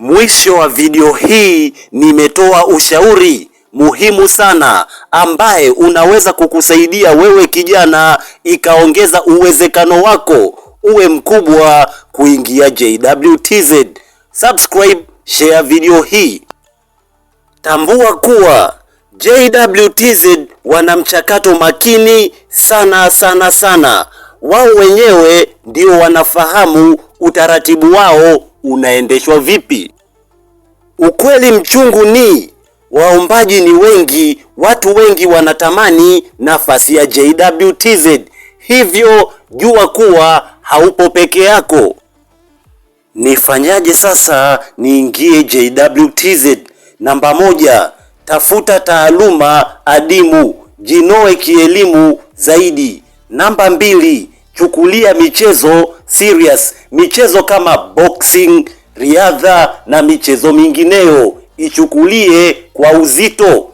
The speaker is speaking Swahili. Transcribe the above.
Mwisho wa video hii nimetoa ushauri muhimu sana ambaye unaweza kukusaidia wewe kijana, ikaongeza uwezekano wako uwe mkubwa kuingia JWTZ. Subscribe, share video hii. Tambua kuwa JWTZ wana mchakato makini sana sana sana. Wao wenyewe ndio wanafahamu utaratibu wao unaendeshwa vipi? Ukweli mchungu ni waombaji ni wengi, watu wengi wanatamani nafasi ya JWTZ, hivyo jua kuwa haupo peke yako. Nifanyaje sasa niingie JWTZ? Namba moja, tafuta taaluma adimu, jinoe kielimu zaidi. Namba mbili, chukulia michezo serious. Michezo kama boxing, riadha na michezo mingineyo ichukulie kwa uzito.